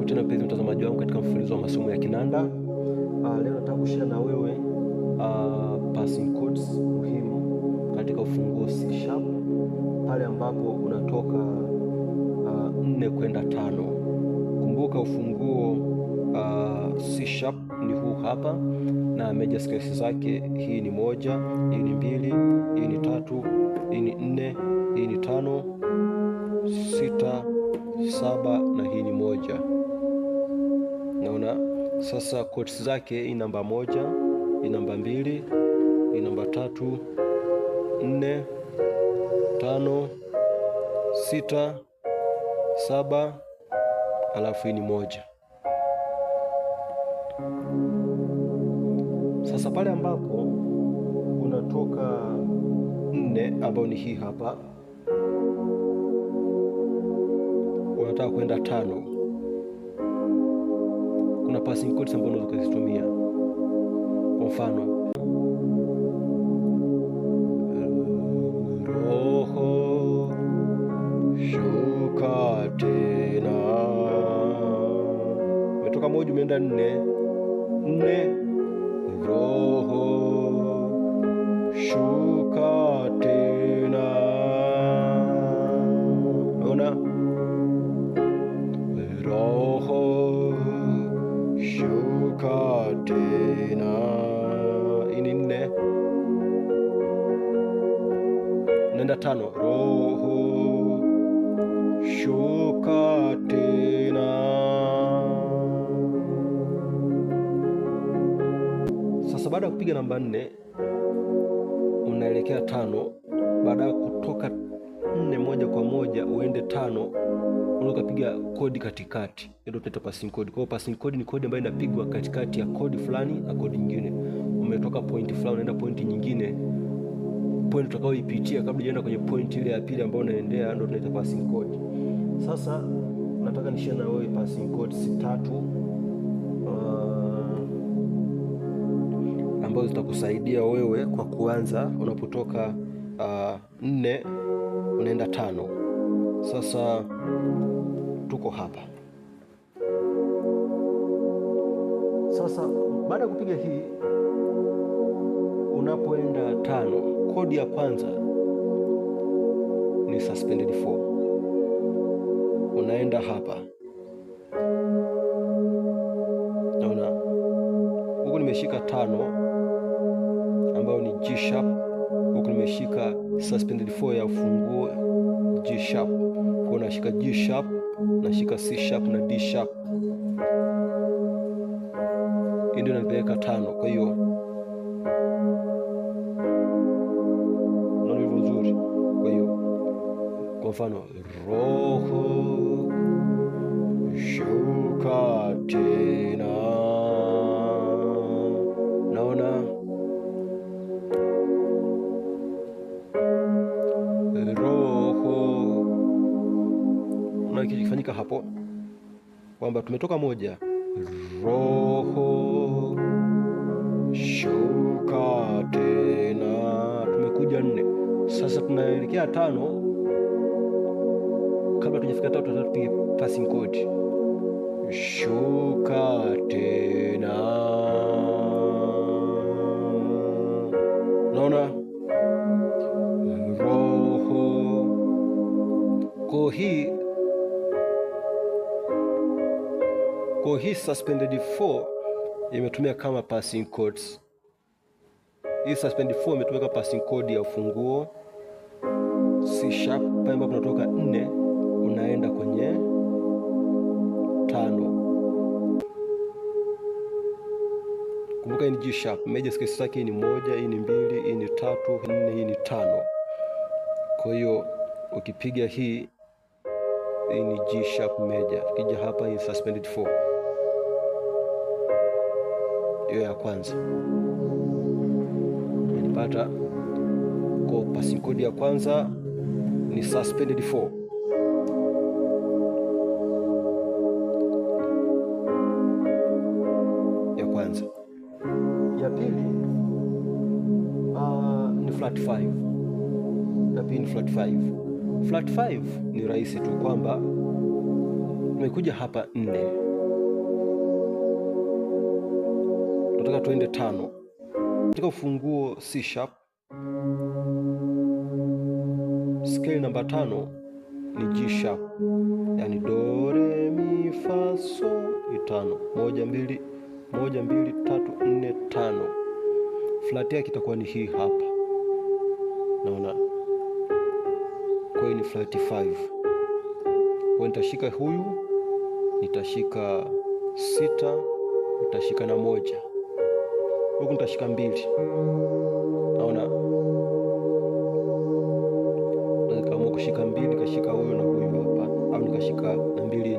Karibu tena mpenzi mtazamaji wangu katika mfululizo wa masomo ya kinanda. Uh, leo nataka kushare na wewe uh, passing chords muhimu katika ufunguo C sharp pale ambapo unatoka uh, nne kwenda tano. Kumbuka ufunguo uh, C sharp ni huu hapa na major scales zake, hii ni moja, hii ni mbili, hii ni tatu, hii ni nne, hii ni tano, sita, saba na hii ni moja unaona sasa quotes zake, hii namba moja, hii namba mbili, hii namba tatu, nne, tano, sita, saba, alafu hii ni moja. Sasa pale ambapo unatoka nne, ambayo ni hii hapa, unataka kwenda tano kuna passing codes ambazo unaweza kuzitumia. Kwa mfano roho shuka tena, umetoka moja umeenda nne nne, roho shuka Nenda tano. Roho shuka tena. Sasa baada ya kupiga namba nne unaelekea tano, baada ya kutoka nne moja kwa moja uende tano ukapiga kodi katikati, ndio tunaita passing code. Kwa hiyo passing code ni kodi ambayo inapigwa katikati ya kodi fulani na kodi nyingine. Umetoka pointi fulani unaenda pointi nyingine point tutakayoipitia kabla ienda kwenye point ile ya pili ambayo unaendea, ndio tunaita passing code. Sasa nataka nishare na wewe passing code sitatu uh, ambazo zitakusaidia wewe kwa kuanza unapotoka uh, nne unaenda tano. Sasa tuko hapa sasa, baada ya kupiga hii unapoenda tano kodi ya kwanza ni suspended 4. Unaenda hapa, naona huku nimeshika tano ambayo ni G sharp, huku nimeshika suspended 4 ya ufunguo G sharp, kwa nashika G sharp, nashika C sharp na D sharp, hii ndio inapeleka tano, kwa hiyo kwa mfano roho, shuka tena. Naona roho na kifanyika hapo kwamba tumetoka moja, roho shuka tena, tumekuja nne, sasa tunaelekea tano kabla tujafika tatu, nataka tupige passing code. Shuka tena, naona roho ko hii ko hii suspended 4 imetumia kama passing codes. Hii suspended 4 imetumia kama passing code ya ufunguo C sharp pale ambapo tunatoka 4 inaenda kwenye tano. Kumbuka hii ni G sharp major scale zake, hii ni moja, hii ni mbili, hii ni tatu, nne, hii ni tano. Kwa hiyo ukipiga hii, hii ni G sharp major. Ukija hapa, hii suspended 4 hiyo ya kwanza nilipata kwa passing code ya kwanza ni suspended 4. pili uh, ah, ni flat 5 na pia ni flat 5. Flat 5 ni rahisi tu kwamba tumekuja hapa nne, tunataka tuende tano katika ufunguo C sharp. Scale namba tano ni G sharp, yani do re mi fa so itano moja mbili moja, mbili, tatu, nne, tano. Flat yake itakuwa ni hii hapa, naona. Kwa hiyo ni flat 5. Kwa nitashika huyu, nitashika sita, nitashika na moja, huku nitashika mbili, naona nikaamua kushika mbili, kashika huyu na huyu hapa, au nikashika na mbili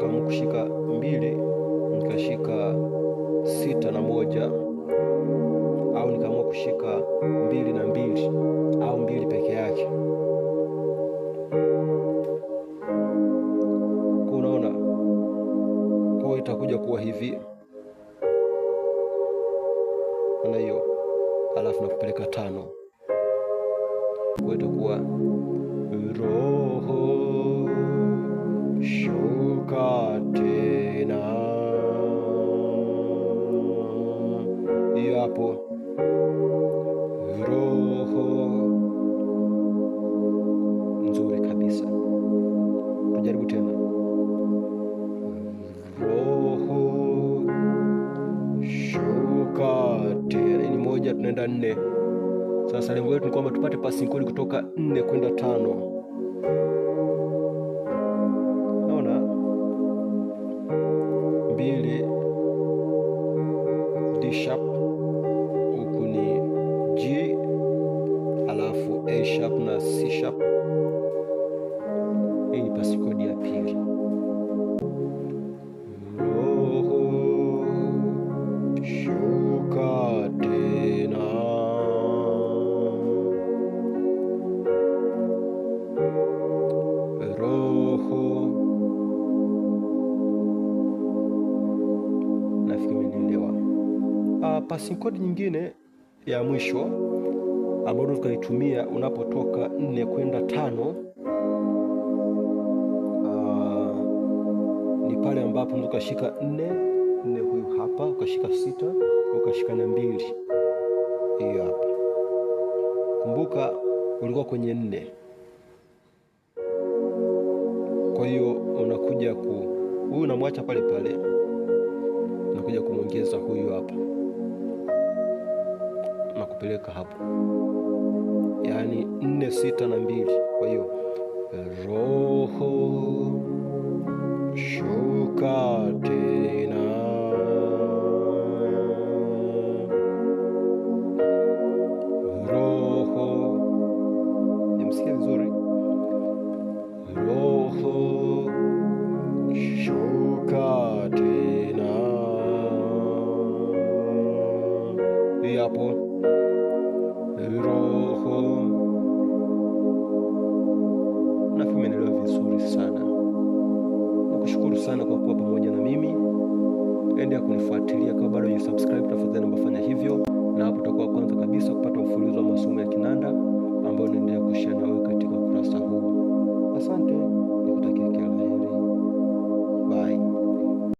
nikaamua kushika mbili, nikashika sita na moja, au nikaamua kushika mbili na mbili au mbili peke yake. Kunaona kwa itakuja kuwa hivi na hiyo, alafu nakupeleka tano, kwa itakuwa roho shu tena yapo roho nzuri kabisa. Tujaribu tena, roho shuka tena, ni moja, tunaenda nne. Sasa lengo letu ni kwamba tupate pasinkoli kutoka nne kwenda tano. Hii ni ya pili. Roho shuka tena, Roho nafikiri umenielewa. Ah, Pasi kodi nyingine ya mwisho ambao unaweza ukaitumia unapotoka nne kwenda tano. Ah, ni pale ambapo unaweza ukashika nne nne, huyu hapa, ukashika sita, ukashika na mbili, hiyo hapa. Kumbuka ulikuwa kwenye nne, kwa hiyo unakuja ku huyu unamwacha pale pale, unakuja kumwongeza huyu hapa kupeleka hapo, yaani nne sita na mbili. Kwa hiyo eh, sana kwa kuwa pamoja na mimi. Endelea kunifuatilia kama bado hujasubscribe, tafadhali naomba fanya hivyo, na hapo utakuwa kwanza kabisa kupata mfululizo wa masomo ya kinanda ambayo naendelea kushare wewe katika ukurasa huu. Asante.